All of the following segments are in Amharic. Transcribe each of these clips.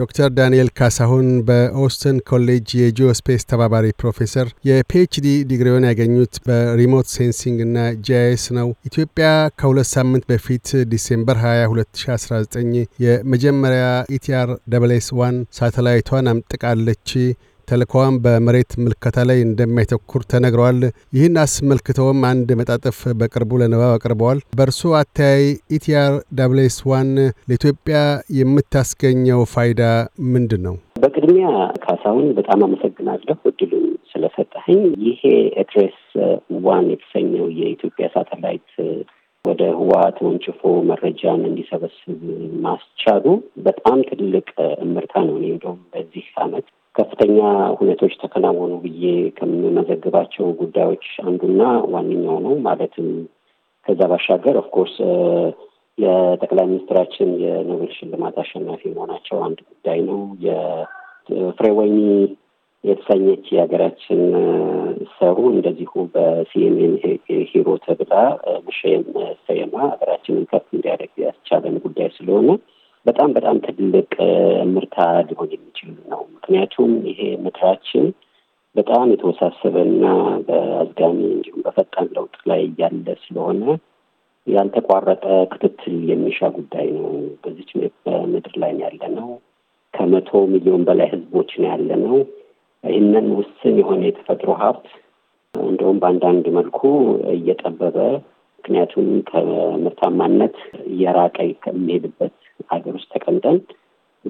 ዶክተር ዳንኤል ካሳሁን በኦስተን ኮሌጅ የጂኦስፔስ ተባባሪ ፕሮፌሰር የፒኤችዲ ዲግሪውን ያገኙት በሪሞት ሴንሲንግ እና ጂይስ ነው። ኢትዮጵያ ከሁለት ሳምንት በፊት ዲሴምበር 20 2019 የመጀመሪያ ኢቲአር ደብልኤስ ዋን ሳተላይቷን አምጥቃለች። ተልእኮዋም በመሬት ምልከታ ላይ እንደሚያተኩር ተነግረዋል። ይህን አስመልክተውም አንድ መጣጥፍ በቅርቡ ለንባብ አቅርበዋል። በእርሱ አተያይ ኢቲአር ዳብልኤስ ዋን ለኢትዮጵያ የምታስገኘው ፋይዳ ምንድን ነው? በቅድሚያ ካሳሁን በጣም አመሰግናለሁ እድሉን ስለሰጠኸኝ። ይሄ ኤድሬስ ዋን የተሰኘው የኢትዮጵያ ሳተላይት ወደ ህዋ ተወንጭፎ መረጃን እንዲሰበስብ ማስቻሉ በጣም ትልቅ እምርታ ነው። እኔ እንደውም በዚህ አመት ከፍተኛ ሁነቶች ተከናወኑ ብዬ ከምመዘግባቸው ጉዳዮች አንዱና ዋነኛው ነው። ማለትም ከዛ ባሻገር ኦፍኮርስ የጠቅላይ ሚኒስትራችን የኖቤል ሽልማት አሸናፊ መሆናቸው አንድ ጉዳይ ነው። የፍሬወይኒ የተሰኘች የሀገራችን ሰሩ እንደዚሁ በሲኤምኤን ሂሮ ተብላ መሸለም ሰየማ ሀገራችንን ከፍ እንዲያደግ ያስቻለን ጉዳይ ስለሆነ በጣም በጣም ትልቅ ምርታ ሊሆን የሚችል ነው። ምክንያቱም ይሄ ምድራችን በጣም የተወሳሰበና በአዝጋሚ እንዲሁም በፈጣን ለውጥ ላይ ያለ ስለሆነ ያልተቋረጠ ክትትል የሚሻ ጉዳይ ነው። በዚች በምድር ላይ ያለ ነው። ከመቶ ሚሊዮን በላይ ህዝቦች ነው ያለ ነው። ይህንን ውስን የሆነ የተፈጥሮ ሀብት እንደውም በአንዳንድ መልኩ እየጠበበ ምክንያቱም ከምርታማነት እየራቀ ከሚሄድበት ሀገር ውስጥ ተቀምጠን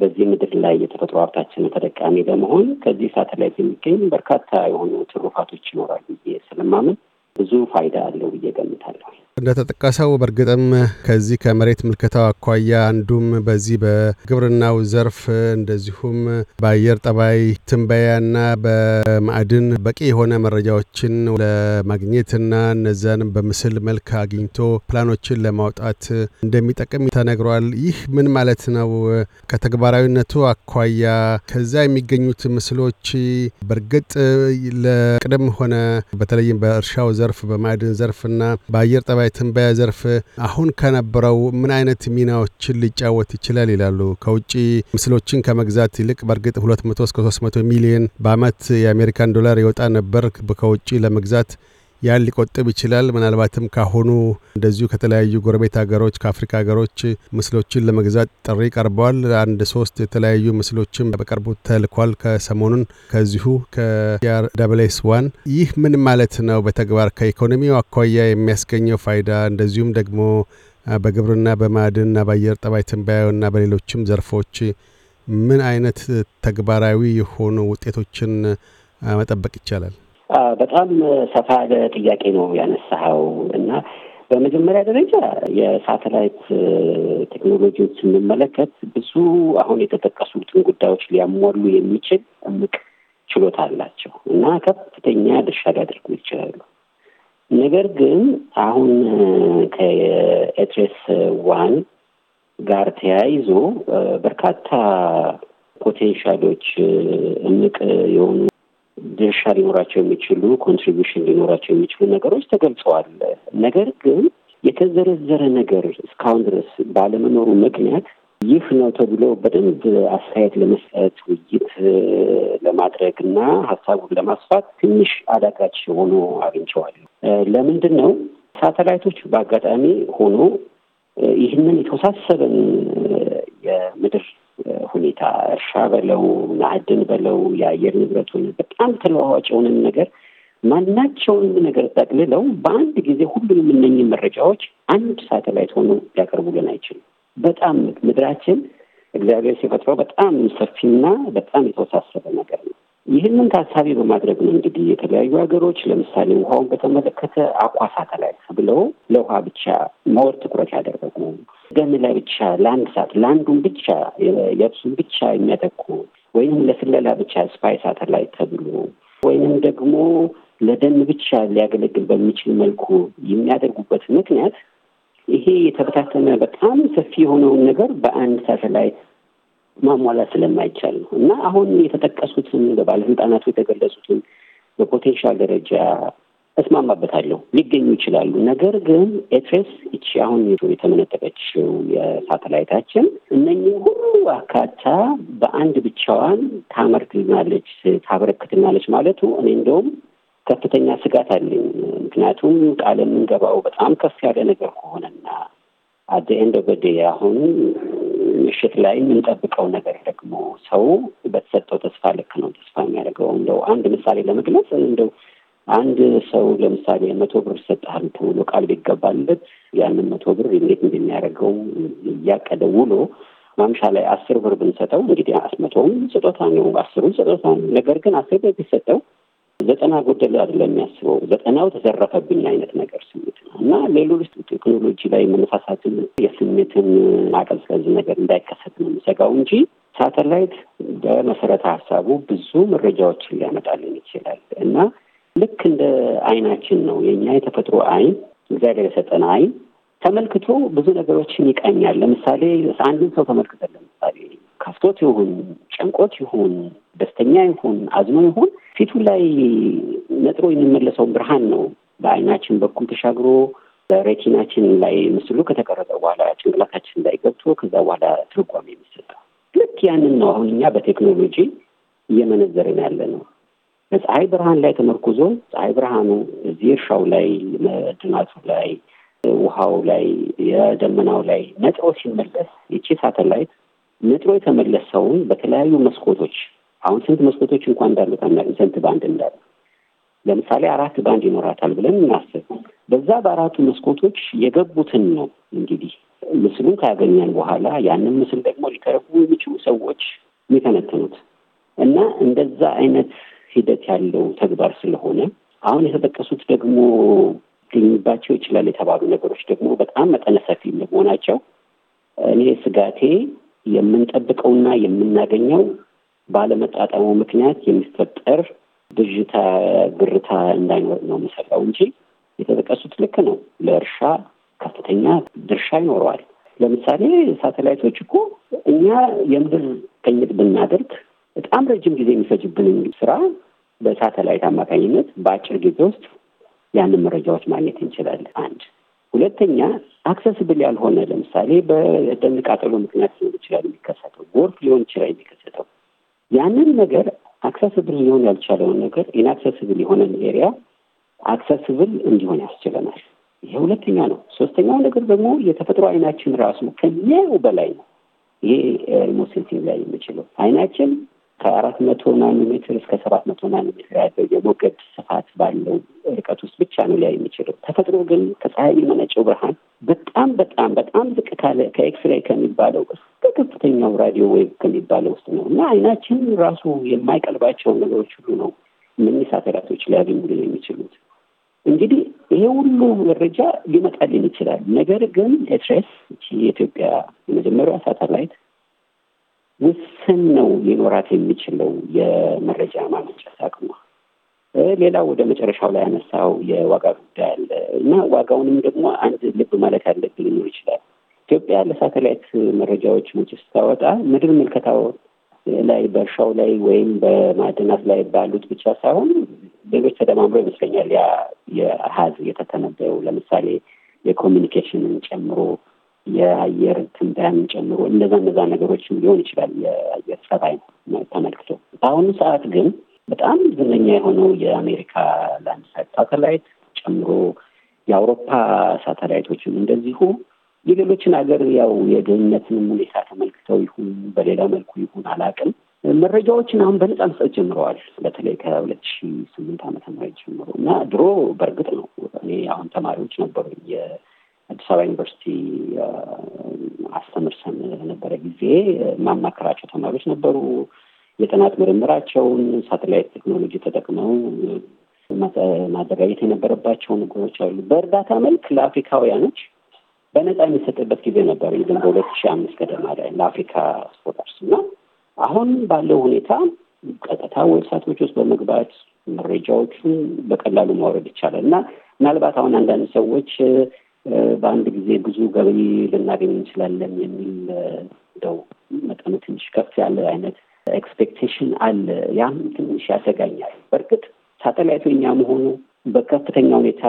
በዚህ ምድር ላይ የተፈጥሮ ሀብታችንን ተጠቃሚ በመሆን ከዚህ ሳተላይት የሚገኝ በርካታ የሆኑ ትሩፋቶች ይኖራሉ ብዬ ስለማምን ብዙ ፋይዳ አለው ብዬ ገምታለሁ። እንደተጠቀሰው በእርግጥም ከዚህ ከመሬት ምልከታው አኳያ አንዱም በዚህ በግብርናው ዘርፍ እንደዚሁም በአየር ጠባይ ትንበያና በማዕድን በቂ የሆነ መረጃዎችን ለማግኘትና እነዚን በምስል መልክ አግኝቶ ፕላኖችን ለማውጣት እንደሚጠቅም ተነግሯል። ይህ ምን ማለት ነው? ከተግባራዊነቱ አኳያ ከዛ የሚገኙት ምስሎች በእርግጥ ለቅድም ሆነ በተለይም በእርሻው ዘርፍ በማዕድን ዘርፍና በአየር ጠባይ የትንበያ ዘርፍ አሁን ከነበረው ምን አይነት ሚናዎችን ሊጫወት ይችላል ይላሉ? ከውጭ ምስሎችን ከመግዛት ይልቅ በእርግጥ 200 እስከ 300 ሚሊዮን በአመት የአሜሪካን ዶላር ይወጣ ነበር ከውጭ ለመግዛት ያን ሊቆጥብ ይችላል። ምናልባትም ካሁኑ እንደዚሁ ከተለያዩ ጎረቤት ሀገሮች ከአፍሪካ ሀገሮች ምስሎችን ለመግዛት ጥሪ ቀርበዋል። አንድ ሶስት የተለያዩ ምስሎችም በቅርቡ ተልኳል። ከሰሞኑን ከዚሁ ከያርዳብሌስ ዋን ይህ ምን ማለት ነው? በተግባር ከኢኮኖሚው አኳያ የሚያስገኘው ፋይዳ እንደዚሁም ደግሞ በግብርና በማዕድንና በአየር ጠባይ ትንበያውና በሌሎችም ዘርፎች ምን አይነት ተግባራዊ የሆኑ ውጤቶችን መጠበቅ ይቻላል? በጣም ሰፋ ያለ ጥያቄ ነው ያነሳኸው እና በመጀመሪያ ደረጃ የሳተላይት ቴክኖሎጂዎች ስንመለከት ብዙ አሁን የተጠቀሱትን ጉዳዮች ሊያሟሉ የሚችል እምቅ ችሎታ አላቸው እና ከፍተኛ ድርሻ ሊያደርጉ ይችላሉ። ነገር ግን አሁን ከኤትሬስ ዋን ጋር ተያይዞ በርካታ ፖቴንሻሎች እምቅ የሆኑ ድርሻ ሊኖራቸው የሚችሉ ኮንትሪቢሽን ሊኖራቸው የሚችሉ ነገሮች ተገልጸዋል። ነገር ግን የተዘረዘረ ነገር እስካሁን ድረስ ባለመኖሩ ምክንያት ይህ ነው ተብሎ በደንብ አስተያየት ለመስጠት ውይይት ለማድረግ እና ሀሳቡን ለማስፋት ትንሽ አዳጋች ሆኖ አግኝቸዋል። ለምንድን ነው ሳተላይቶች በአጋጣሚ ሆኖ ይህንን የተወሳሰበን ሁኔታ እርሻ በለው ማዕድን በለው የአየር ንብረቱን በጣም ተለዋዋጭውንም ነገር ማናቸውንም ነገር ጠቅልለው በአንድ ጊዜ ሁሉንም እነኝህ መረጃዎች አንድ ሳተላይት ሆኖ ሊያቀርቡልን አይችልም። በጣም ምድራችን እግዚአብሔር ሲፈጥረው በጣም ሰፊና በጣም የተወሳሰበ ነገር ነው። ይህንን ታሳቢ በማድረግ ነው እንግዲህ የተለያዩ ሀገሮች ለምሳሌ ውሃውን በተመለከተ አኳ ሳተላይት ብለው ለውሃ ብቻ መወር ትኩረት ያደረጉ ደም ላይ ብቻ ለአንድ ሰዓት ለአንዱን ብቻ የብሱን ብቻ የሚያጠቁ ወይንም ለስለላ ብቻ ስፓይ ሳተላይት ተብሎ ወይንም ደግሞ ለደን ብቻ ሊያገለግል በሚችል መልኩ የሚያደርጉበት ምክንያት ይሄ የተበታተነ በጣም ሰፊ የሆነውን ነገር በአንድ ሳተላይት ማሟላት ስለማይቻል ነው እና አሁን የተጠቀሱትን በባለስልጣናቱ የተገለጹትን በፖቴንሻል ደረጃ እስማማበታለሁ። ሊገኙ ይችላሉ። ነገር ግን ኤትሬስ እቺ አሁን የተመነጠቀችው የሳተላይታችን እነኚህ ሁሉ አካታ በአንድ ብቻዋን ታመርትልናለች፣ ታበረክትናለች ማለቱ እኔ እንደውም ከፍተኛ ስጋት አለኝ። ምክንያቱም ቃል የምንገባው በጣም ከፍ ያለ ነገር ከሆነና አደ ኤንድ ኦፍ አሁን ምሽት ላይ የምንጠብቀው ነገር ደግሞ ሰው በተሰጠው ተስፋ ልክ ነው ተስፋ የሚያደርገው። እንደው አንድ ምሳሌ ለመግለጽ እንደው አንድ ሰው ለምሳሌ መቶ ብር ይሰጥሃል ተብሎ ቃል ቢገባለት ያንን መቶ ብር እንዴት እንደሚያደርገው እያቀደ ውሎ ማምሻ ላይ አስር ብር ብንሰጠው እንግዲህ መቶውም ስጦታ ነው፣ አስሩን ስጦታ ነው። ነገር ግን አስር ብር ቢሰጠው ዘጠና ጎደል አይደለም የሚያስበው ዘጠናው ተዘረፈብኝ አይነት ነገር ስሜት ነው እና ሌሎች ቴክኖሎጂ ላይ መነሳሳትን የስሜትን ማቀዝቀዝ ነገር እንዳይከሰት ነው የሚሰጋው እንጂ ሳተላይት በመሰረተ ሀሳቡ ብዙ መረጃዎችን ሊያመጣልን ይችላል እና ልክ እንደ አይናችን ነው። የኛ የተፈጥሮ አይን እግዚአብሔር የሰጠን አይን ተመልክቶ ብዙ ነገሮችን ይቃኛል። ለምሳሌ አንድን ሰው ተመልክተን ለምሳሌ ከፍቶት ይሁን ጨንቆት ይሁን ደስተኛ ይሁን አዝኖ ይሁን ፊቱ ላይ ነጥሮ የሚመለሰውን ብርሃን ነው በአይናችን በኩል ተሻግሮ በሬቲናችን ላይ ምስሉ ከተቀረጸ በኋላ ጭንቅላታችን ላይ ገብቶ ከዛ በኋላ ትርጓሜ የሚሰጠው ልክ ያንን ነው። አሁን እኛ በቴክኖሎጂ እየመነዘርን ያለ ነው። በፀሐይ ብርሃን ላይ ተመርኩዞ ፀሐይ ብርሃኑ እዚህ እርሻው ላይ፣ መድናቱ ላይ፣ ውሃው ላይ፣ የደመናው ላይ ነጥሮ ሲመለስ ይቺ ሳተላይት ነጥሮ የተመለሰውን በተለያዩ መስኮቶች አሁን ስንት መስኮቶች እንኳን እንዳሉት አናውቅም። ስንት ባንድ እንዳሉ ለምሳሌ አራት ባንድ ይኖራታል ብለን እናስብ። በዛ በአራቱ መስኮቶች የገቡትን ነው እንግዲህ ምስሉን ካያገኛል በኋላ ያንን ምስል ደግሞ ሊተረጉ የሚችሉ ሰዎች የሚተነትኑት እና እንደዛ አይነት ሂደት ያለው ተግባር ስለሆነ አሁን የተጠቀሱት ደግሞ ሊገኝባቸው ይችላል የተባሉ ነገሮች ደግሞ በጣም መጠነ ሰፊ መሆናቸው እኔ ስጋቴ የምንጠብቀውና የምናገኘው ባለመጣጠሙ ምክንያት የሚፈጠር ብዥታ፣ ግርታ እንዳይኖር ነው የምሰጋው እንጂ የተጠቀሱት ልክ ነው። ለእርሻ ከፍተኛ ድርሻ ይኖረዋል። ለምሳሌ ሳተላይቶች እኮ እኛ የምድር ቅኝት ብናደርግ በጣም ረጅም ጊዜ የሚፈጅብንን ስራ በሳተላይት አማካኝነት በአጭር ጊዜ ውስጥ ያንን መረጃዎች ማግኘት እንችላለን። አንድ ሁለተኛ አክሰስብል ያልሆነ ለምሳሌ በደን ቃጠሎ ምክንያት ሊሆን ይችላል የሚከሰተው፣ ጎርፍ ሊሆን ይችላል የሚከሰተው። ያንን ነገር አክሰስብል ሊሆን ያልቻለውን ነገር ኢንአክሰስብል የሆነን ኤሪያ አክሰስብል እንዲሆን ያስችለናል። ይሄ ሁለተኛ ነው። ሶስተኛው ነገር ደግሞ የተፈጥሮ አይናችን ራሱ ከሚያየው በላይ ነው። ይሄ ሪሞት ላይ የምችለው አይናችን ከአራት መቶ ሜትር እስከ ሰባት መቶ ሜትር ያለው የሞገድ ስፋት ባለው ርቀት ውስጥ ብቻ ነው ሊያይ የሚችለው። ተፈጥሮ ግን ከፀሐይ የመነጨው ብርሃን በጣም በጣም በጣም ዝቅ ካለ ከኤክስ ከሚባለው እስከ ከፍተኛው ራዲዮ ዌቭ ከሚባለው ውስጥ ነው እና አይናችን ራሱ የማይቀልባቸውን ነገሮች ሁሉ ነው እነኚህ ሳተላይቶች ሊያገኙልን የሚችሉት። እንግዲህ ይሄ ሁሉ መረጃ ሊመጣልን ይችላል። ነገር ግን ኤትሬስ የኢትዮጵያ የመጀመሪያ ሳተላይት ውስን ነው ሊኖራት የሚችለው የመረጃ ማመንጨት አቅሟ። ሌላው ወደ መጨረሻው ላይ ያነሳው የዋጋ ጉዳይ አለ እና ዋጋውንም ደግሞ አንድ ልብ ማለት ያለብን ሊኖር ይችላል። ኢትዮጵያ ለሳተላይት መረጃዎች ውጭ ስታወጣ ምድር ምልከታው ላይ በእርሻው ላይ ወይም በማዕድናት ላይ ባሉት ብቻ ሳይሆን ሌሎች ተደማምሮ ይመስለኛል ያ የአሀዝ የተተነበየው ለምሳሌ የኮሚኒኬሽንን ጨምሮ የአየር ትንበያን ጨምሮ እንደዛ እነዛ ነገሮችም ሊሆን ይችላል። የአየር ጸባይ ተመልክቶ በአሁኑ ሰዓት ግን በጣም ዝነኛ የሆነው የአሜሪካ ላንድሳት ሳተላይት ጨምሮ የአውሮፓ ሳተላይቶችም እንደዚሁ የሌሎችን ሀገር ያው የድህነትንም ሁኔታ ተመልክተው ይሁን በሌላ መልኩ ይሁን አላውቅም መረጃዎችን አሁን በነጻ መስጠት ጀምረዋል። በተለይ ከሁለት ሺ ስምንት ዓመተ ምህረት ጀምሮ እና ድሮ በእርግጥ ነው እኔ አሁን ተማሪዎች ነበሩ አዲስ አበባ ዩኒቨርሲቲ አስተምርሰን ነበረ ጊዜ ማማከራቸው ተማሪዎች ነበሩ። የጥናት ምርምራቸውን ሳተላይት ቴክኖሎጂ ተጠቅመው ማዘጋጀት የነበረባቸው ነገሮች አሉ። በእርዳታ መልክ ለአፍሪካውያኖች በነፃ የሚሰጥበት ጊዜ ነበር። ግን በሁለት ሺህ አምስት ገደማ ላይ ለአፍሪካ ስፖርተርስ እና አሁን ባለው ሁኔታ ቀጥታ ዌብሳይቶች ውስጥ በመግባት መረጃዎቹን በቀላሉ ማውረድ ይቻላል እና ምናልባት አሁን አንዳንድ ሰዎች በአንድ ጊዜ ብዙ ገቢ ልናገኝ እንችላለን የሚል እንደው መጠኑ ትንሽ ከፍ ያለ አይነት ኤክስፔክቴሽን አለ። ያም ትንሽ ያሰጋኛል። በእርግጥ ሳተላይቱ እኛ መሆኑ በከፍተኛ ሁኔታ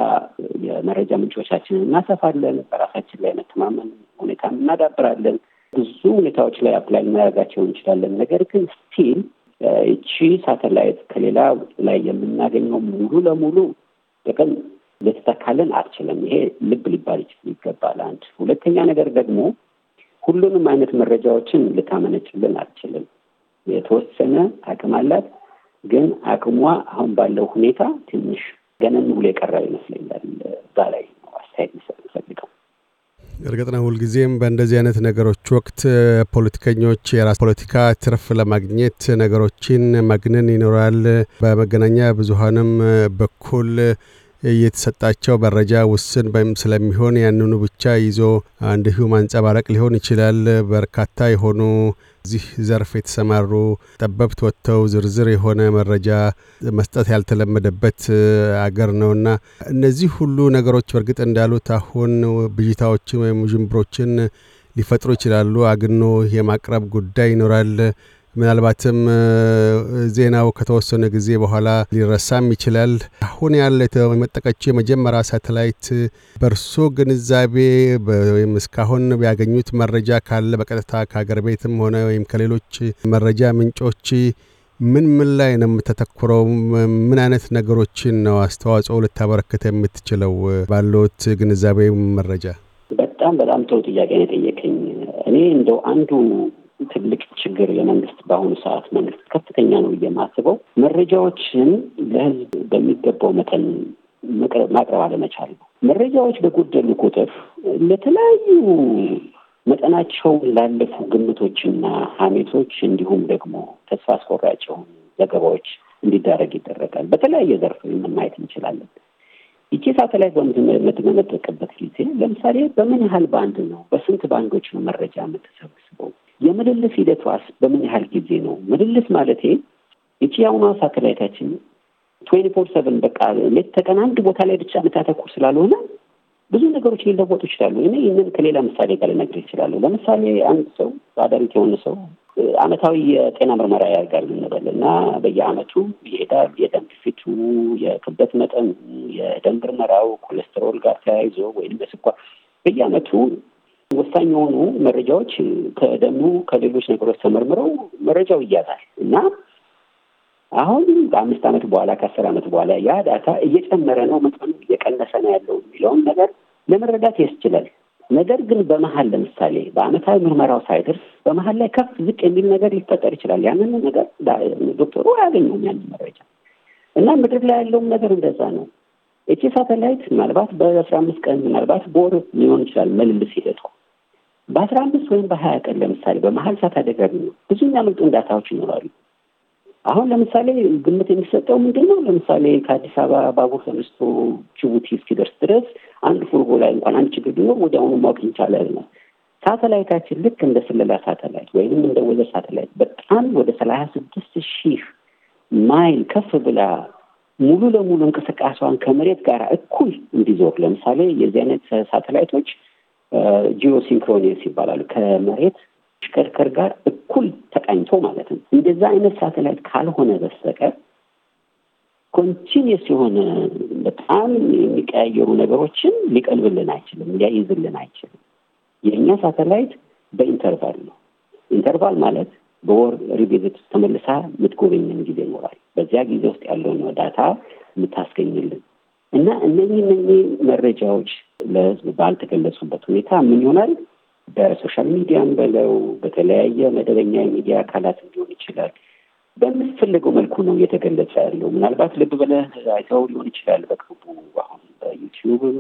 የመረጃ ምንጮቻችንን እናሰፋለን፣ በራሳችን ላይ መተማመን ሁኔታ እናዳብራለን፣ ብዙ ሁኔታዎች ላይ አፕላይ ልናደርጋቸው እንችላለን። ነገር ግን ስቲል እቺ ሳተላይት ከሌላ ላይ የምናገኘው ሙሉ ለሙሉ ጥቅም ልትተካልን አትችልም። ይሄ ልብ ሊባል ይገባል። አንድ ሁለተኛ ነገር ደግሞ ሁሉንም አይነት መረጃዎችን ልታመነጭልን አትችልም። የተወሰነ አቅም አላት፣ ግን አቅሟ አሁን ባለው ሁኔታ ትንሽ ገነን ብሎ የቀረበ ይመስለኛል። እዛ ላይ ነው አስተያየት መሰል ፈልገው እርግጥ ነው ሁልጊዜም በእንደዚህ አይነት ነገሮች ወቅት ፖለቲከኞች የራስ ፖለቲካ ትርፍ ለማግኘት ነገሮችን መግነን ይኖራል። በመገናኛ ብዙሀንም በኩል የተሰጣቸው መረጃ ውስን ስለሚሆን ያንኑ ብቻ ይዞ እንዲሁ ማንጸባረቅ ሊሆን ይችላል። በርካታ የሆኑ እዚህ ዘርፍ የተሰማሩ ጠበብት ወጥተው ዝርዝር የሆነ መረጃ መስጠት ያልተለመደበት አገር ነውና እነዚህ ሁሉ ነገሮች በእርግጥ እንዳሉት አሁን ብዥታዎችን ወይም ውዥንብሮችን ሊፈጥሩ ይችላሉ። አግኖ የማቅረብ ጉዳይ ይኖራል። ምናልባትም ዜናው ከተወሰነ ጊዜ በኋላ ሊረሳም ይችላል። አሁን ያለ የመጠቀችው የመጀመሪያ ሳተላይት በእርሶ ግንዛቤ ወይም እስካሁን ያገኙት መረጃ ካለ በቀጥታ ከሀገር ቤትም ሆነ ወይም ከሌሎች መረጃ ምንጮች ምን ምን ላይ ነው የምተተኩረው? ምን አይነት ነገሮችን ነው አስተዋጽኦ ልታበረክተ የምትችለው? ባለዎት ግንዛቤ መረጃ። በጣም በጣም ጥሩ ጥያቄ ነው የጠየቀኝ። እኔ እንደው አንዱ ትልቅ ችግር የመንግስት በአሁኑ ሰዓት መንግስት ከፍተኛ ነው የማስበው መረጃዎችን ለህዝብ በሚገባው መጠን ማቅረብ አለመቻል ነው። መረጃዎች በጎደሉ ቁጥር ለተለያዩ መጠናቸው ላለፉ ግምቶችና ሀሜቶች እንዲሁም ደግሞ ተስፋ አስቆራጭ የሆኑ ዘገባዎች እንዲዳረግ ይደረጋል። በተለያየ ዘርፍ ማየት እንችላለን። ይቺ ሳተላይት በምትመለጠቅበት ጊዜ ለምሳሌ በምን ያህል ባንድ ነው፣ በስንት ባንዶች ነው መረጃ የምትሰበስበው፣ የምልልስ ሂደቷስ በምን ያህል ጊዜ ነው? ምልልስ ማለት ይቺ የአሁኗ ሳተላይታችን ትዌንቲ ፎር ሰቨን በቃ ሌት ተቀን አንድ ቦታ ላይ ብቻ የምታተኩር ስላልሆነ ብዙ ነገሮች ሊለወጡ ይችላሉ። እኔ ይህንን ከሌላ ምሳሌ ጋር ልነግርህ ይችላሉ። ለምሳሌ አንድ ሰው አዳሪት የሆነ ሰው አመታዊ የጤና ምርመራ ያደርጋል እንበል እና በየአመቱ ይሄዳል። የደም ግፊቱ፣ የክብደት መጠኑ፣ የደም ምርመራው ኮሌስትሮል ጋር ተያይዞ ወይም በስኳር በየአመቱ ወሳኝ የሆኑ መረጃዎች ከደሙ ከሌሎች ነገሮች ተመርምረው መረጃው ይያዛል እና አሁን ከአምስት አመት በኋላ ከአስር አመት በኋላ ያ ዳታ እየጨመረ ነው መጠኑ እየቀነሰ ነው ያለው የሚለውን ነገር ለመረዳት ያስችላል። ነገር ግን በመሀል ለምሳሌ በአመታዊ ምርመራው ሳይደርስ በመሀል ላይ ከፍ ዝቅ የሚል ነገር ሊፈጠር ይችላል። ያንን ነገር ዶክተሩ አያገኘውም ያንን መረጃ እና ምድር ላይ ያለውም ነገር እንደዛ ነው። እቺ ሳተላይት ምናልባት በአስራ አምስት ቀን ምናልባት በወር ሊሆን ይችላል መልልስ ሂደቱ በአስራ አምስት ወይም በሀያ ቀን ለምሳሌ በመሀል ሳት ነው ብዙ የሚያመልጡ እንዳታዎች ይኖራሉ። አሁን ለምሳሌ ግምት የሚሰጠው ምንድን ነው? ለምሳሌ ከአዲስ አበባ ባቡር ተነስቶ ጅቡቲ እስኪደርስ ድረስ አንድ ፉርጎ ላይ እንኳን አንድ ችግር ቢኖር ወዲያውኑ ማወቅ ነው ሳተላይታችን ልክ እንደ ስለላ ሳተላይት ወይም እንደ ወዘ ሳተላይት በጣም ወደ ሰላሳ ስድስት ሺህ ማይል ከፍ ብላ ሙሉ ለሙሉ እንቅስቃሴዋን ከመሬት ጋር እኩል እንዲዞር ለምሳሌ የዚህ አይነት ሳተላይቶች ጂኦ ይባላሉ። ከመሬት ሽከርከር ጋር እኩል ተቃኝቶ ማለት ነው። እንደዛ አይነት ሳተላይት ካልሆነ በስተቀር ኮንቲኒስ የሆነ በጣም የሚቀያየሩ ነገሮችን ሊቀልብልን አይችልም፣ ሊያይዝልን አይችልም። የእኛ ሳተላይት በኢንተርቫል ነው። ኢንተርቫል ማለት በወር ሪቪዝት ተመልሳ የምትጎበኘን ጊዜ ይኖራል። በዚያ ጊዜ ውስጥ ያለውን ዳታ የምታስገኝልን እና እነኚህ እነኚህ መረጃዎች ለህዝብ ባልተገለጹበት ሁኔታ ምን ይሆናል? በሶሻል ሚዲያም በለው በተለያየ መደበኛ የሚዲያ አካላት ሊሆን ይችላል በምትፈልገው መልኩ ነው እየተገለጸ ያለው። ምናልባት ልብ ብለህ አይተው ሊሆን ይችላል። በቅርቡ አሁን በዩቲዩብም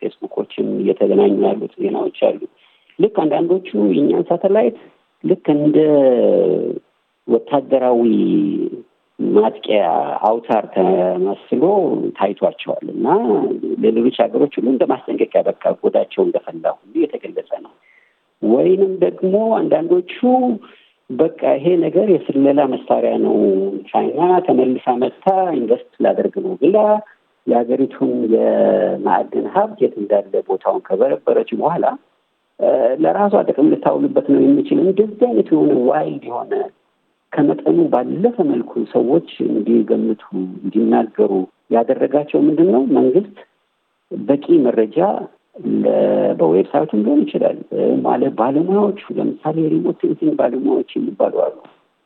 ፌስቡኮችም እየተገናኙ ያሉት ዜናዎች አሉ። ልክ አንዳንዶቹ የእኛን ሳተላይት ልክ እንደ ወታደራዊ ማጥቂያ አውታር ተመስሎ ታይቷቸዋል እና ለሌሎች ሀገሮች ሁሉ እንደ ማስጠንቀቂያ በቃ ጎዳቸው እንደፈላ ሁሉ የተገለጸ ነው። ወይንም ደግሞ አንዳንዶቹ በቃ ይሄ ነገር የስለላ መሳሪያ ነው፣ ቻይና ተመልሳ መታ ኢንቨስት ላደርግ ነው ብላ የሀገሪቱን የማዕድን ሀብት የት እንዳለ ቦታውን ከበረበረች በኋላ ለራሷ ጥቅም ልታውልበት ነው የሚችል እንደዚህ አይነት የሆነ ዋይድ የሆነ ከመጠኑ ባለፈ መልኩ ሰዎች እንዲገምቱ እንዲናገሩ ያደረጋቸው ምንድን ነው? መንግስት በቂ መረጃ በዌብሳይቱም ሊሆን ይችላል ማለት ባለሙያዎቹ ለምሳሌ የሪሞት ሴንሲንግ ባለሙያዎች የሚባሉ አሉ።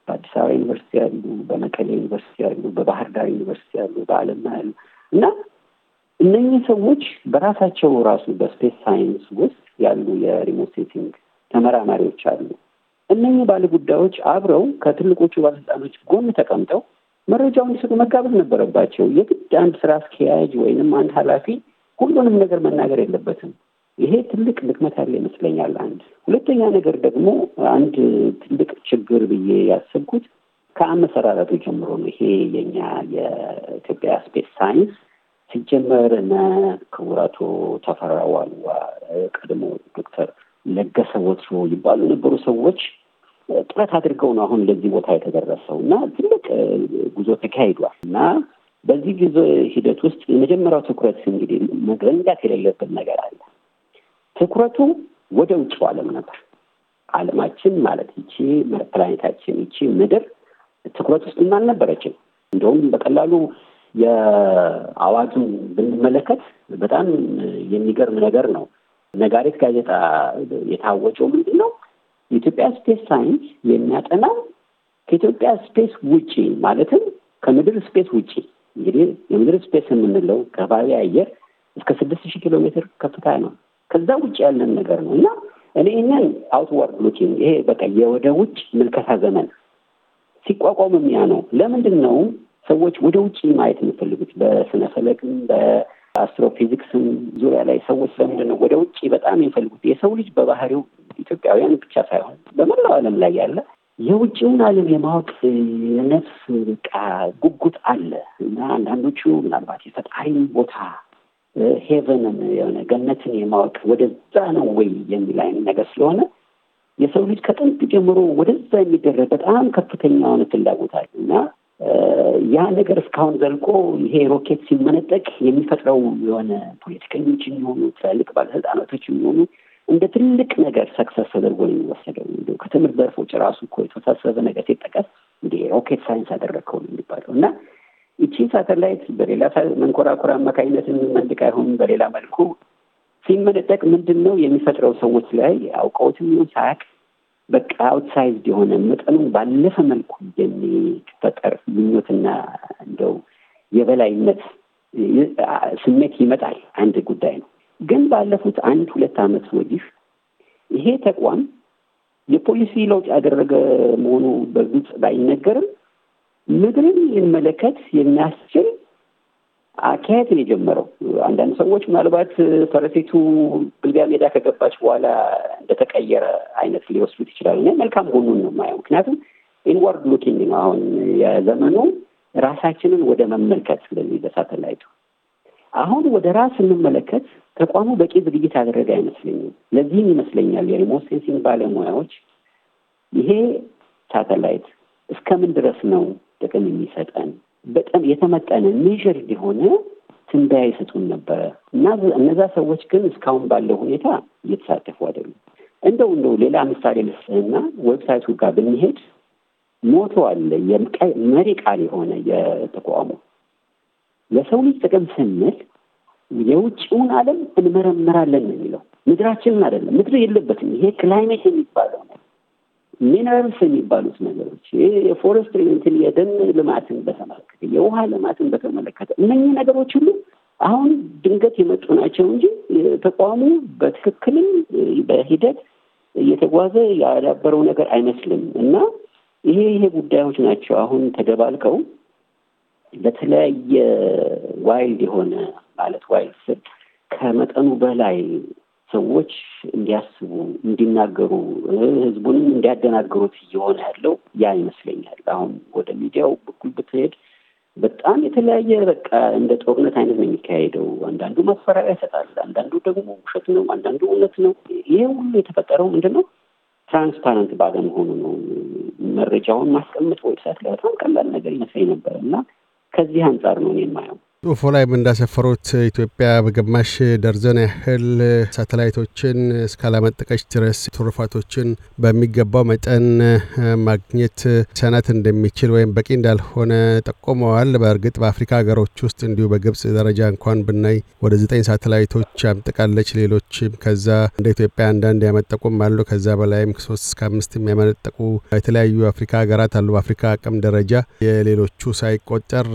በአዲስ አበባ ዩኒቨርሲቲ ያሉ፣ በመቀሌ ዩኒቨርሲቲ ያሉ፣ በባህር ዳር ዩኒቨርሲቲ ያሉ፣ በአለም ያሉ እና እነኚህ ሰዎች በራሳቸው ራሱ በስፔስ ሳይንስ ውስጥ ያሉ የሪሞት ሴንሲንግ ተመራማሪዎች አሉ። እነኚህ ባለጉዳዮች አብረው ከትልቆቹ ባለስልጣኖች ጎን ተቀምጠው መረጃውን እንዲሰጡ መጋበዝ ነበረባቸው። የግድ አንድ ስራ አስኪያጅ ወይንም አንድ ኃላፊ ሁሉንም ነገር መናገር የለበትም። ይሄ ትልቅ ድክመት ያለ ይመስለኛል። አንድ ሁለተኛ ነገር ደግሞ አንድ ትልቅ ችግር ብዬ ያሰብኩት ከአመሰራረቱ ጀምሮ ነው። ይሄ የኛ የኢትዮጵያ ስፔስ ሳይንስ ሲጀመር እነ ክቡራቱ ተፈራ ዋልዋ፣ ቀድሞ ዶክተር ለገሰ ወትሮ ይባሉ ነበሩ ሰዎች ጥረት አድርገው ነው አሁን ለዚህ ቦታ የተደረሰው እና ትልቅ ጉዞ ተካሂዷል እና በዚህ ጊዜ ሂደት ውስጥ የመጀመሪያው ትኩረት እንግዲህ መዘንጋት የሌለብን ነገር አለ። ትኩረቱ ወደ ውጭው ዓለም ነበር። ዓለማችን ማለት ይቺ ፕላኔታችን ይቺ ምድር ትኩረት ውስጥ አልነበረችም። እንደውም በቀላሉ የአዋጁን ብንመለከት በጣም የሚገርም ነገር ነው። ነጋሪት ጋዜጣ የታወጀው ምንድን ነው? የኢትዮጵያ ስፔስ ሳይንስ የሚያጠናው ከኢትዮጵያ ስፔስ ውጪ ማለትም ከምድር ስፔስ ውጪ እንግዲህ የምድር ስፔስ የምንለው ከባቢ አየር እስከ ስድስት ሺህ ኪሎ ሜትር ከፍታ ነው። ከዛ ውጭ ያለን ነገር ነው እና እኔ ይህንን አውትዋርድ ሉኪንግ ይሄ በቃ የወደ ውጭ ምልከታ ዘመን ሲቋቋም ያ ነው። ለምንድን ነው ሰዎች ወደ ውጭ ማየት የሚፈልጉት? በስነ ፈለግም በአስትሮፊዚክስም ዙሪያ ላይ ሰዎች ለምንድን ነው ወደ ውጭ በጣም የሚፈልጉት? የሰው ልጅ በባህሪው ኢትዮጵያውያን ብቻ ሳይሆን በመላው ዓለም ላይ ያለ የውጭውን ዓለም የማወቅ የነፍስ በቃ ጉጉት አለ እና አንዳንዶቹ ምናልባት የፈጣሪን ቦታ ሄቨንን የሆነ ገነትን የማወቅ ወደዛ ነው ወይ የሚል አይነት ነገር ስለሆነ የሰው ልጅ ከጥንት ጀምሮ ወደዛ የሚደረግ በጣም ከፍተኛ የሆነ ፍላጎት አለ እና ያ ነገር እስካሁን ዘልቆ ይሄ ሮኬት ሲመነጠቅ የሚፈጥረው የሆነ ፖለቲከኞች የሚሆኑ ትላልቅ ባለስልጣናቶች የሚሆኑ እንደ ትልቅ ነገር ሰክሰስ ተደርጎ ነው የሚወሰደው። ከትምህርት ዘርፎች ራሱ እኮ የተወሳሰበ ነገር ሲጠቀስ እንዲ ሮኬት ሳይንስ አደረግከው ነው የሚባለው እና ይቺ ሳተላይት በሌላ መንኮራኮር አማካኝነት መንድቅ አይሆንም። በሌላ መልኩ ሲመነጠቅ ምንድን ነው የሚፈጥረው? ሰዎች ላይ አውቀውትም ይሁን ሳያቅ በቃ አውትሳይዝድ የሆነ መጠኑ ባለፈ መልኩ የሚፈጠር ምኞትና እንደው የበላይነት ስሜት ይመጣል። አንድ ጉዳይ ነው። ግን ባለፉት አንድ ሁለት ዓመት ወዲህ ይሄ ተቋም የፖሊሲ ለውጥ ያደረገ መሆኑ በግልጽ ባይነገርም ምድርን ይመለከት የሚያስችል አካሄድ ነው የጀመረው። አንዳንድ ሰዎች ምናልባት ፈረሴቱ ግልቢያ ሜዳ ከገባች በኋላ እንደተቀየረ አይነት ሊወስዱት ይችላሉ። እኔ መልካም ጎኑን ነው የማየው። ምክንያቱም ኢንዋርድ ሉኪንግ ነው አሁን የዘመኑ ራሳችንን ወደ መመልከት ስለዚህ በሳተላይቱ አሁን ወደ ራስ ስንመለከት ተቋሙ በቂ ዝግጅት ያደረገ አይመስለኝም። ለዚህም ይመስለኛል የሪሞት ሴንሲንግ ባለሙያዎች ይሄ ሳተላይት እስከምን ድረስ ነው ጥቅም የሚሰጠን በጣም የተመጠነ ሜዥር ሊሆነ ትንበያ ይሰጡን ነበረ እና እነዛ ሰዎች ግን እስካሁን ባለው ሁኔታ እየተሳተፉ አይደሉም። እንደው እንደው ሌላ ምሳሌ ልስጥህና ዌብሳይቱ ጋር ብንሄድ ሞቶ አለ የመሪ ቃል የሆነ የተቋሙ ለሰው ልጅ ጥቅም ስንል የውጭውን ዓለም እንመረምራለን ነው የሚለው። ምድራችንን አይደለም። ምድር የለበትም። ይሄ ክላይሜት የሚባለው ሚነራልስ የሚባሉት ነገሮች የፎረስት እንትን የደን ልማትን በተመለከተ የውሃ ልማትን በተመለከተ እነኚህ ነገሮች ሁሉ አሁን ድንገት የመጡ ናቸው እንጂ ተቋሙ በትክክልም በሂደት እየተጓዘ ያዳበረው ነገር አይመስልም እና ይሄ ይሄ ጉዳዮች ናቸው አሁን ተደባልቀው በተለያየ ዋይልድ የሆነ ማለት ዋይልድ ስል ከመጠኑ በላይ ሰዎች እንዲያስቡ እንዲናገሩ ህዝቡንም እንዲያደናግሩት እየሆነ ያለው ያ ይመስለኛል። አሁን ወደ ሚዲያው በኩል ብትሄድ በጣም የተለያየ በቃ እንደ ጦርነት አይነት ነው የሚካሄደው። አንዳንዱ ማስፈራሪያ ይሰጣል፣ አንዳንዱ ደግሞ ውሸት ነው፣ አንዳንዱ እውነት ነው። ይሄ ሁሉ የተፈጠረው ምንድን ነው? ትራንስፓረንት ባለመሆኑ ነው። መረጃውን ማስቀመጥ ዌብሳይት ላይ በጣም ቀላል ነገር ይመስለኝ ነበር እና ከዚህ አንጻር ነው የማየው። ጽሁፎ ላይ እንዳሰፈሩት ኢትዮጵያ በግማሽ ደርዘን ያህል ሳተላይቶችን እስካላመጠቀች ድረስ ትሩፋቶችን በሚገባው መጠን ማግኘት ሰናት እንደሚችል ወይም በቂ እንዳልሆነ ጠቁመዋል። በእርግጥ በአፍሪካ ሀገሮች ውስጥ እንዲሁ በግብጽ ደረጃ እንኳን ብናይ ወደ ዘጠኝ ሳተላይቶች አምጥቃለች። ሌሎችም ከዛ እንደ ኢትዮጵያ አንዳንድ ያመጠቁም አሉ። ከዛ በላይም ሶስት እስከ አምስት ያመነጠቁ የተለያዩ አፍሪካ ሀገራት አሉ፣ በአፍሪካ አቅም ደረጃ የሌሎቹ ሳይቆጠር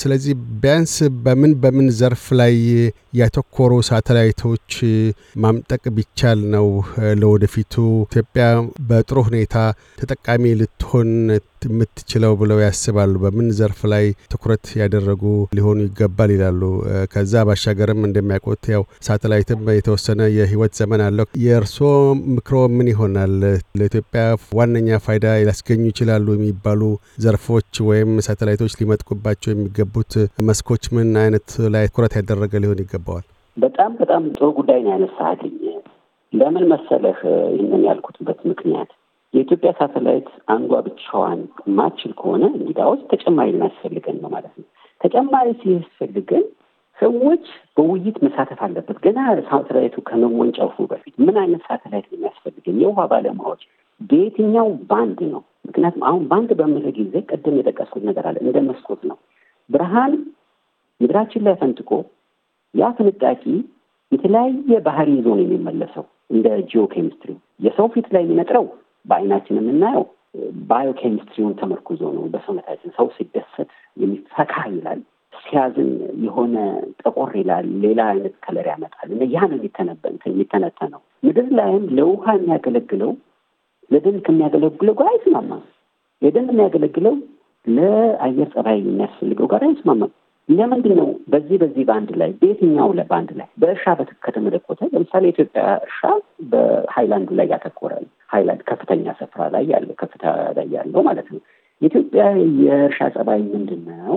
ስለዚህ ቢያንስ በምን በምን ዘርፍ ላይ ያተኮሩ ሳተላይቶች ማምጠቅ ቢቻል ነው ለወደፊቱ ኢትዮጵያ በጥሩ ሁኔታ ተጠቃሚ ልትሆን የምትችለው ብለው ያስባሉ? በምን ዘርፍ ላይ ትኩረት ያደረጉ ሊሆኑ ይገባል ይላሉ? ከዛ ባሻገርም እንደሚያውቁት ያው ሳተላይትም የተወሰነ የህይወት ዘመን አለው። የእርስዎ ምክሮ ምን ይሆናል? ለኢትዮጵያ ዋነኛ ፋይዳ ሊያስገኙ ይችላሉ የሚባሉ ዘርፎች ወይም ሳተላይቶች ሊመጥቁባቸው የሚገቡት መስኮች ምን አይነት ላይ ትኩረት ያደረገ ሊሆን ይገባዋል? በጣም በጣም ጥሩ ጉዳይ ነው ያነሳህልኝ። ለምን መሰለህ ይህንን ያልኩትበት ምክንያት የኢትዮጵያ ሳተላይት አንዷ ብቻዋን ማችል ከሆነ እንግዲያውስ ተጨማሪ ልናስፈልገን ነው ማለት ነው። ተጨማሪ ሲያስፈልገን ሰዎች በውይይት መሳተፍ አለበት። ገና ሳተላይቱ ከመወንጨፉ በፊት ምን አይነት ሳተላይት ነው የሚያስፈልገን? የውሃ ባለሙያዎች በየትኛው ባንድ ነው? ምክንያቱም አሁን ባንድ በምለ ጊዜ ቅድም የጠቀስኩት ነገር አለ። እንደ መስኮት ነው ብርሃን ምድራችን ላይ ፈንጥቆ ያ ፍንጣቂ የተለያየ ባህሪ ይዞ ነው የሚመለሰው። እንደ ጂኦኬሚስትሪ የሰው ፊት ላይ የሚነጥረው በአይናችን የምናየው ባዮኬሚስትሪውን ተመርኩዞ ነው። በሰውነታችን ሰው ሲደሰት የሚፈካ ይላል፣ ሲያዝን የሆነ ጠቆር ይላል፣ ሌላ አይነት ከለር ያመጣል እና ያ ያን የሚተነበን የሚተነተነው ምድር ላይም ለውሃ የሚያገለግለው ለደን ከሚያገለግለው ጋር አይስማማም። የደን የሚያገለግለው ለአየር ጸባይ የሚያስፈልገው ጋር አይስማማም። ለምንድን ነው በዚህ በዚህ በአንድ ላይ በየትኛው በአንድ ላይ በእርሻ ከተመለኮተ ለምሳሌ የኢትዮጵያ እርሻ በሀይላንዱ ላይ ያተኮረ ነው። ሀይላንድ ከፍተኛ ስፍራ ላይ ያለ ከፍታ ላይ ያለው ማለት ነው። የኢትዮጵያ የእርሻ ጸባይ ምንድን ነው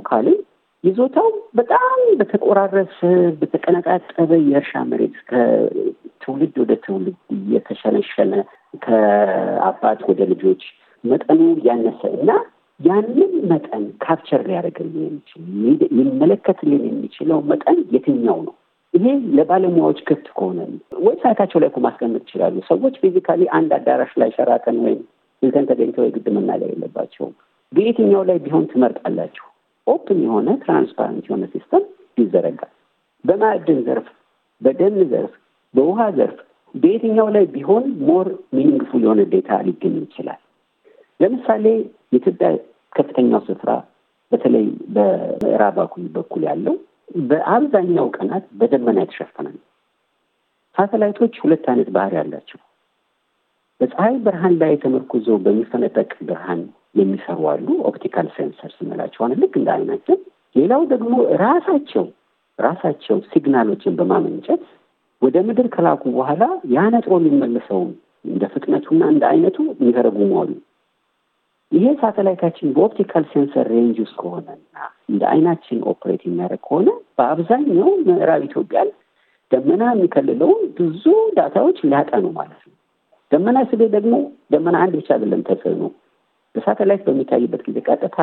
ይዞታው በጣም በተቆራረሰ በተቀነጣጠበ የእርሻ መሬት ከትውልድ ወደ ትውልድ እየተሸነሸነ ከአባት ወደ ልጆች መጠኑ ያነሰ እና ያንን መጠን ካፕቸር ሊያደርግልን የሚችል ሊመለከትልን የሚችለው መጠን የትኛው ነው? ይሄ ለባለሙያዎች ክፍት ከሆነ ዌብሳይታቸው ላይ እኮ ማስቀመጥ ይችላሉ። ሰዎች ፊዚካሊ አንድ አዳራሽ ላይ ሸራተን ወይም ሂልተን ተገኝተው የግድ መናገር የለባቸውም። በየትኛው ላይ ቢሆን ትመርጣላችሁ? ኦፕን የሆነ ትራንስፓረንት የሆነ ሲስተም ይዘረጋል። በማዕድን ዘርፍ፣ በደን ዘርፍ፣ በውሃ ዘርፍ በየትኛው ላይ ቢሆን ሞር ሚኒንግፉል የሆነ ዴታ ሊገኝ ይችላል? ለምሳሌ የኢትዮጵያ ከፍተኛው ስፍራ በተለይ በምዕራብ አኩይ በኩል ያለው በአብዛኛው ቀናት በደመና የተሸፈነ ነው። ሳተላይቶች ሁለት አይነት ባህሪ ያላቸው በፀሐይ ብርሃን ላይ ተመርኩዘው በሚፈነጠቅ ብርሃን የሚሰሩ አሉ። ኦፕቲካል ሴንሰርስ እንላቸዋለን፣ ልክ እንደ አይናችን። ሌላው ደግሞ ራሳቸው ራሳቸው ሲግናሎችን በማመንጨት ወደ ምድር ከላኩ በኋላ ያ ነጥሮ የሚመልሰው እንደ ፍጥነቱና እንደ አይነቱ የሚተረጉሙ አሉ። ይሄ ሳተላይታችን በኦፕቲካል ሴንሰር ሬንጅ ውስጥ ከሆነና እንደ አይናችን ኦፕሬት የሚያደርግ ከሆነ በአብዛኛው ምዕራብ ኢትዮጵያን ደመና የሚከልለውን ብዙ ዳታዎች ሊያጣ ነው ማለት ነው። ደመና ስለ ደግሞ ደመና አንድ ብቻ አይደለም ተጽዕኖ በሳተላይት በሚታይበት ጊዜ ቀጥታ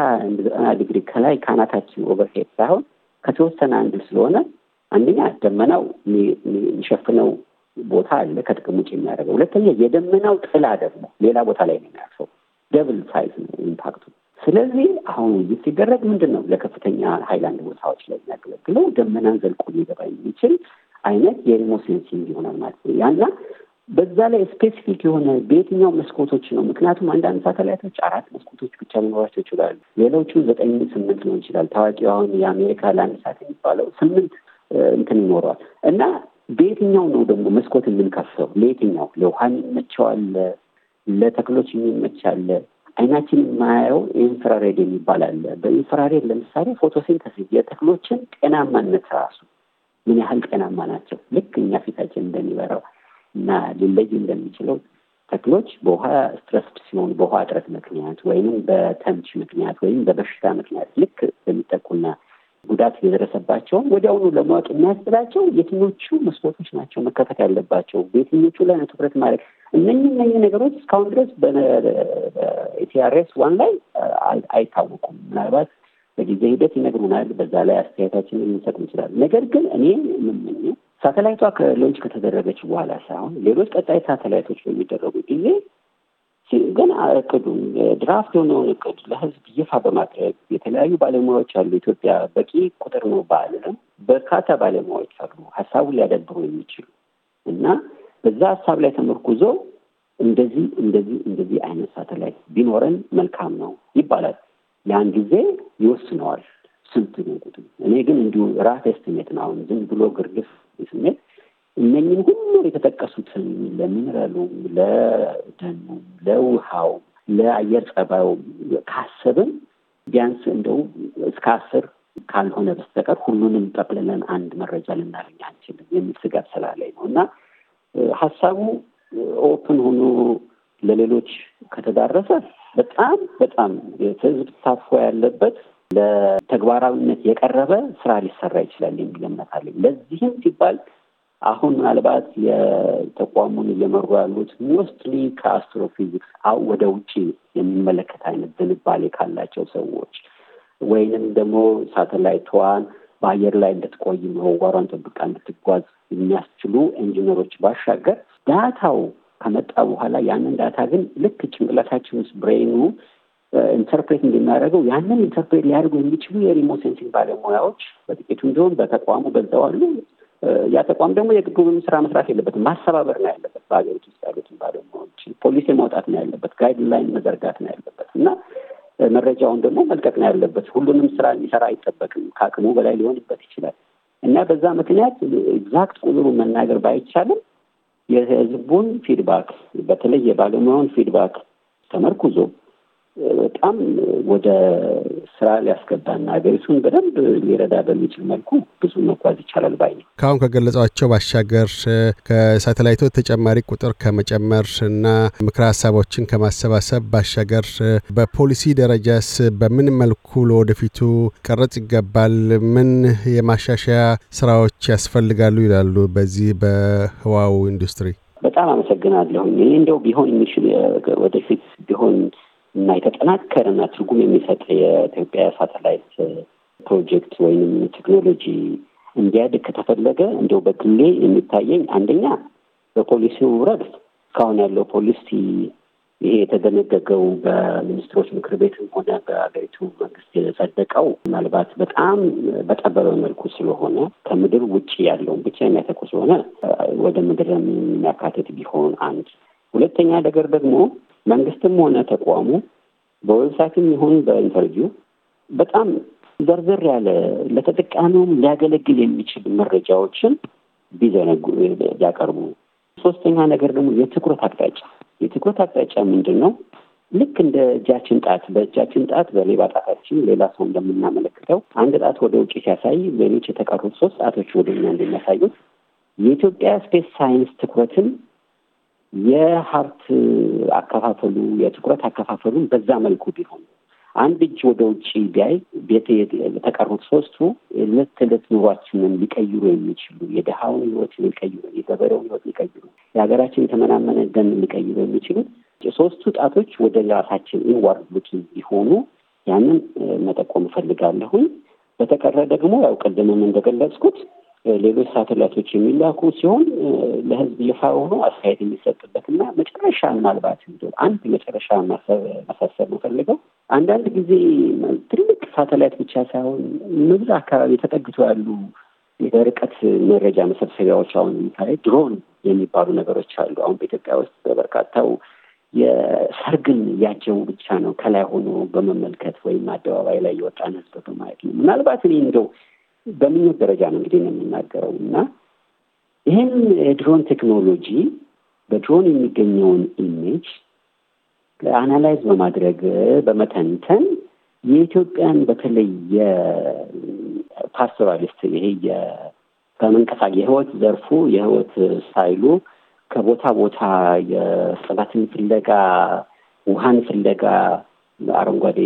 ዘጠና ዲግሪ ከላይ ከአናታችን ኦቨርሄድ ሳይሆን ከተወሰነ አንግል ስለሆነ አንደኛ ደመናው የሚሸፍነው ቦታ አለ ከጥቅም ውጭ የሚያደርገው፣ ሁለተኛ የደመናው ጥላ ደግሞ ሌላ ቦታ ላይ ነው የሚያርፈው ደብል ሳይዝ ነው ኢምፓክቱ። ስለዚህ አሁን ውይይት ሲደረግ ምንድን ነው ለከፍተኛ ሀይላንድ ቦታዎች ላይ የሚያገለግለው ደመናን ዘልቆ ሊገባ የሚችል አይነት የሪሞ ሴንሲንግ ይሆናል ማለት ነው ያና በዛ ላይ ስፔሲፊክ የሆነ በየትኛው መስኮቶች ነው። ምክንያቱም አንዳንድ ሳተላይቶች አራት መስኮቶች ብቻ ሊኖራቸው ይችላሉ። ሌሎቹ ዘጠኝ ስምንት ነው ይችላል። ታዋቂው አሁን የአሜሪካ ላንድሳት የሚባለው ስምንት እንትን ይኖረዋል እና በየትኛው ነው ደግሞ መስኮት የምንከፍተው? ለየትኛው ለውሃ ይመቸዋል፣ ለተክሎች የሚመች አለ። አይናችን የማያየው ኢንፍራሬድ የሚባል አለ። በኢንፍራሬድ ለምሳሌ ፎቶሲንተሲስ የተክሎችን ጤናማነት ራሱ ምን ያህል ጤናማ ናቸው፣ ልክ እኛ ፊታችን እንደሚበራው እና ሊለይ እንደሚችለው ተክሎች በውሃ ስትረስድ ሲሆኑ በውሃ እጥረት ምክንያት ወይም በተምች ምክንያት ወይም በበሽታ ምክንያት ልክ በሚጠቁና ጉዳት የደረሰባቸውን ወዲያውኑ ለማወቅ የሚያስችላቸው የትኞቹ መስኮቶች ናቸው መከፈት ያለባቸው፣ በየትኞቹ ላይ ነው ትኩረት ማድረግ እነኝህ እነኝህ ነገሮች እስካሁን ድረስ በኤቲአርኤስ ዋን ላይ አይታወቁም። ምናልባት በጊዜ ሂደት ይነግሩናል። በዛ ላይ አስተያየታችንን ልንሰጥ እንችላለን። ነገር ግን እኔ የምመኘው ሳተላይቷ ከሎንች ከተደረገች በኋላ ሳይሆን ሌሎች ቀጣይ ሳተላይቶች በሚደረጉ ጊዜ ግን እቅዱን ድራፍት የሆነውን እቅድ ለሕዝብ ይፋ በማድረግ የተለያዩ ባለሙያዎች አሉ። ኢትዮጵያ በቂ ቁጥር ነው ባልልም በርካታ ባለሙያዎች አሉ ሀሳቡን ሊያደብሩ የሚችሉ እና በዛ ሀሳብ ላይ ተመርኩዞ እንደዚህ እንደዚህ እንደዚህ አይነት ሳተላይት ቢኖረን መልካም ነው ይባላል። ያን ጊዜ ይወስነዋል ስንት ነው እኔ ግን እንዲሁ ራፍ ኤስቲሜት ነው አሁን ዝም ብሎ ግርግፍ ስሜት እነኝን ሁሉ የተጠቀሱትን ለሚነራሉም፣ ለደኑም፣ ለውሃውም፣ ለአየር ጸባዩም ካሰብን ቢያንስ እንደው እስከ አስር ካልሆነ በስተቀር ሁሉንም ጠቅልለን አንድ መረጃ ልናገኝ አንችልም የሚል ስጋት ስላለኝ ነው እና ሀሳቡ ኦፕን ሆኖ ለሌሎች ከተዳረሰ በጣም በጣም የህዝብ ተሳትፎ ያለበት ለተግባራዊነት የቀረበ ስራ ሊሰራ ይችላል የሚል እምነት አለኝ። ለዚህም ሲባል አሁን ምናልባት የተቋሙን እየመሩ ያሉት ሞስትሊ ከአስትሮፊዚክስ አው ወደ ውጭ የሚመለከት አይነት ዝንባሌ ካላቸው ሰዎች ወይንም ደግሞ ሳተላይቷን በአየር ላይ እንድትቆይ ምህዋሯን ጠብቃ እንድትጓዝ የሚያስችሉ ኢንጂነሮች ባሻገር ዳታው ከመጣ በኋላ ያንን ዳታ ግን ልክ ጭንቅላታችን ውስጥ ብሬኑ ኢንተርፕሬት እንደሚያደርገው ያንን ኢንተርፕሬት ሊያደርጉ የሚችሉ የሪሞት ሴንሲንግ ባለሙያዎች በጥቂቱ እንዲሆን በተቋሙ በዛው አሉ። ያ ተቋም ደግሞ የግብሩን ስራ መስራት የለበትም፣ ማስተባበር ነው ያለበት። በሀገሪቱ ውስጥ ያሉትን ባለሙያዎች ፖሊሲ ማውጣት ነው ያለበት፣ ጋይድላይን መዘርጋት ነው ያለበት እና መረጃውን ደግሞ መልቀቅ ነው ያለበት። ሁሉንም ስራ እንዲሰራ አይጠበቅም። ከአቅሙ በላይ ሊሆንበት ይችላል እና በዛ ምክንያት ኤግዛክት ቁጥሩ መናገር ባይቻልም የህዝቡን ፊድባክ በተለይ የባለሙያውን ፊድባክ ተመርኩዞ በጣም ወደ ስራ ሊያስገባና ሀገሪቱን በደንብ ሊረዳ በሚችል መልኩ ብዙ መጓዝ ይቻላል ባይ ነው። ከአሁን ከገለጿቸው ባሻገር ከሳተላይቶች ተጨማሪ ቁጥር ከመጨመር እና ምክረ ሀሳቦችን ከማሰባሰብ ባሻገር በፖሊሲ ደረጃስ በምን መልኩ ለወደፊቱ ቀረጽ ይገባል? ምን የማሻሻያ ስራዎች ያስፈልጋሉ ይላሉ? በዚህ በህዋው ኢንዱስትሪ በጣም አመሰግናለሁ። ይህ እንደው ቢሆን የሚችል ወደፊት ቢሆን እና የተጠናከረና ትርጉም የሚሰጥ የኢትዮጵያ ሳተላይት ፕሮጀክት ወይም ቴክኖሎጂ እንዲያድግ ከተፈለገ እንዲው በግሌ የሚታየኝ አንደኛ በፖሊሲው ረድፍ እስካሁን ያለው ፖሊሲ ይሄ የተደነገገው በሚኒስትሮች ምክር ቤትም ሆነ በሀገሪቱ መንግስት የጸደቀው ምናልባት በጣም በጠበበ መልኩ ስለሆነ ከምድር ውጭ ያለውን ብቻ የሚያተኩ ስለሆነ ወደ ምድር የሚያካትት ቢሆን አንድ። ሁለተኛ ነገር ደግሞ መንግስትም ሆነ ተቋሙ በዌብሳይትም ይሁን በኢንተርቪው በጣም ዘርዘር ያለ ለተጠቃሚውም ሊያገለግል የሚችል መረጃዎችን ቢዘነጉ ቢያቀርቡ። ሶስተኛ ነገር ደግሞ የትኩረት አቅጣጫ የትኩረት አቅጣጫ ምንድን ነው? ልክ እንደ እጃችን ጣት በእጃችን ጣት በሌባ ጣታችን ሌላ ሰው እንደምናመለክተው አንድ ጣት ወደ ውጭ ሲያሳይ ሌሎች የተቀሩት ሶስት ጣቶች ወደ እኛ እንደሚያሳዩት የኢትዮጵያ ስፔስ ሳይንስ ትኩረትን የሀብት አከፋፈሉ የትኩረት አከፋፈሉን በዛ መልኩ ቢሆን አንድ እጅ ወደ ውጭ ቢያይ ቤት የተቀሩት ሶስቱ ዕለት ተዕለት ኑሯችንን ሊቀይሩ የሚችሉ የድሃውን ህይወት ሊቀይሩ፣ የገበሬውን ህይወት ሊቀይሩ፣ የሀገራችን የተመናመነ ደን ሊቀይሩ የሚችሉት ሶስቱ ጣቶች ወደ ራሳችን ኢንዋርድ ቢሆኑ ያንን መጠቆም እፈልጋለሁኝ። በተቀረ ደግሞ ያው ቅድምም እንደገለጽኩት ሌሎች ሳተላይቶች የሚላኩ ሲሆን ለህዝብ ይፋ ሆኖ አስተያየት የሚሰጥበት እና መጨረሻ ምናልባት አንድ መጨረሻ ማሳሰብ ነው ፈልገው አንዳንድ ጊዜ ትልቅ ሳተላይት ብቻ ሳይሆን ምብዝ አካባቢ ተጠግቶ ያሉ የርቀት መረጃ መሰብሰቢያዎች አሁን ለምሳሌ ድሮን የሚባሉ ነገሮች አሉ። አሁን በኢትዮጵያ ውስጥ በበርካታው የሰርግን ያጀቡ ብቻ ነው ከላይ ሆኖ በመመልከት ወይም አደባባይ ላይ የወጣን ህዝብ በማየት ነው። ምናልባት እኔ እንደው በምኞት ደረጃ ነው እንግዲህ የምናገረው እና ይህን የድሮን ቴክኖሎጂ በድሮን የሚገኘውን ኢሜጅ አናላይዝ በማድረግ በመተንተን የኢትዮጵያን በተለይ የፓስቶራሊስት ይሄ በመንቀሳቀስ የህይወት ዘርፉ የህይወት ስታይሉ ከቦታ ቦታ የጽባትን ፍለጋ ውሃን ፍለጋ አረንጓዴ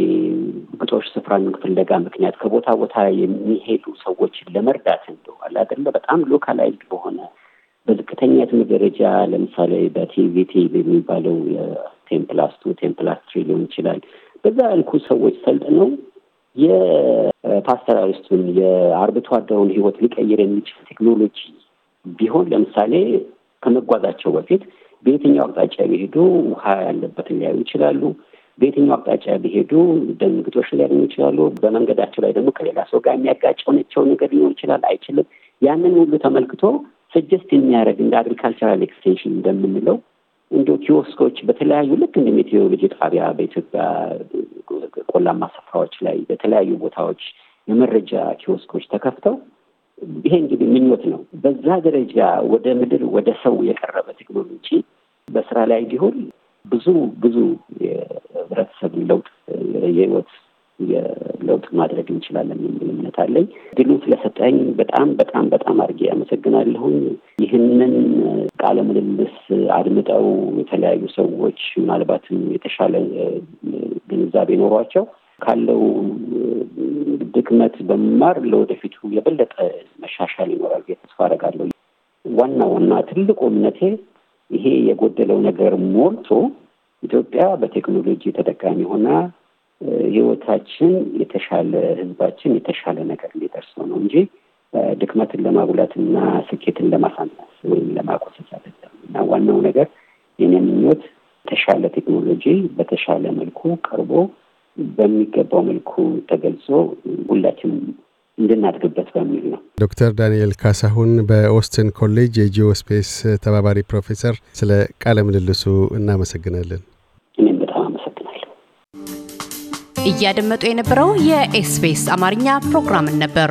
ግጦሽ ስፍራን ፍለጋ ምክንያት ከቦታ ቦታ የሚሄዱ ሰዎችን ለመርዳት እንደዋል አደለ በጣም ሎካላይዝድ በሆነ በዝቅተኛ ትምህርት ደረጃ ለምሳሌ በቲቪቲ የሚባለው የቴምፕላስቱ ቱ ቴምፕላስ ትሪ ሊሆን ይችላል። በዛ ያልኩ ሰዎች ሰልጥነው የፓስተራሊስቱን የአርብቶ አደሩን ህይወት ሊቀይር የሚችል ቴክኖሎጂ ቢሆን ለምሳሌ ከመጓዛቸው በፊት በየትኛው አቅጣጫ የሚሄዱ ውሃ ያለበትን ሊያዩ ይችላሉ። በየትኛው አቅጣጫ ቢሄዱ ደም ሊያገኙ ይችላሉ። በመንገዳቸው ላይ ደግሞ ከሌላ ሰው ጋር የሚያጋጨው ነገር ሊኖር ይችላል፣ አይችልም። ያንን ሁሉ ተመልክቶ ሰጀስት የሚያደርግ እንደ አግሪካልቸራል ኤክስቴንሽን እንደምንለው እንዲ ኪዮስኮች በተለያዩ ልክ እንደ ሜቴዎሮሎጂ ጣቢያ በኢትዮጵያ ቆላማ ስፍራዎች ላይ በተለያዩ ቦታዎች የመረጃ ኪዮስኮች ተከፍተው ይሄ እንግዲህ ምኞት ነው። በዛ ደረጃ ወደ ምድር ወደ ሰው የቀረበ ቴክኖሎጂ በስራ ላይ ቢሆን ብዙ ብዙ የህብረተሰብን ለውጥ የህይወት ለውጥ ማድረግ እንችላለን የሚል እምነት አለኝ። ድሉ ስለሰጠኝ በጣም በጣም በጣም አድርጌ አመሰግናለሁኝ። ይህንን ቃለ ምልልስ አድምጠው የተለያዩ ሰዎች ምናልባትም የተሻለ ግንዛቤ ኖሯቸው ካለው ድክመት በመማር ለወደፊቱ የበለጠ መሻሻል ይኖራል ተስፋ አደርጋለሁ። ዋና ዋና ትልቁ እምነቴ ይሄ የጎደለው ነገር ሞልቶ ኢትዮጵያ በቴክኖሎጂ ተጠቃሚ ሆና ህይወታችን የተሻለ ህዝባችን የተሻለ ነገር እንዲደርሰው ነው እንጂ ድክመትን ለማጉላትና ስኬትን ለማሳነስ ወይም ለማቆሰስ አይደለም እና ዋናው ነገር የኔ ምኞት የተሻለ ቴክኖሎጂ በተሻለ መልኩ ቀርቦ በሚገባው መልኩ ተገልጾ ሁላችንም እንድናድግበት በሚል ነው። ዶክተር ዳንኤል ካሳሁን በኦስትን ኮሌጅ የጂኦ ስፔስ ተባባሪ ፕሮፌሰር፣ ስለ ቃለ ምልልሱ እናመሰግናለን። እኔም በጣም አመሰግናለሁ። እያደመጡ የነበረው የኤስፔስ አማርኛ ፕሮግራምን ነበር።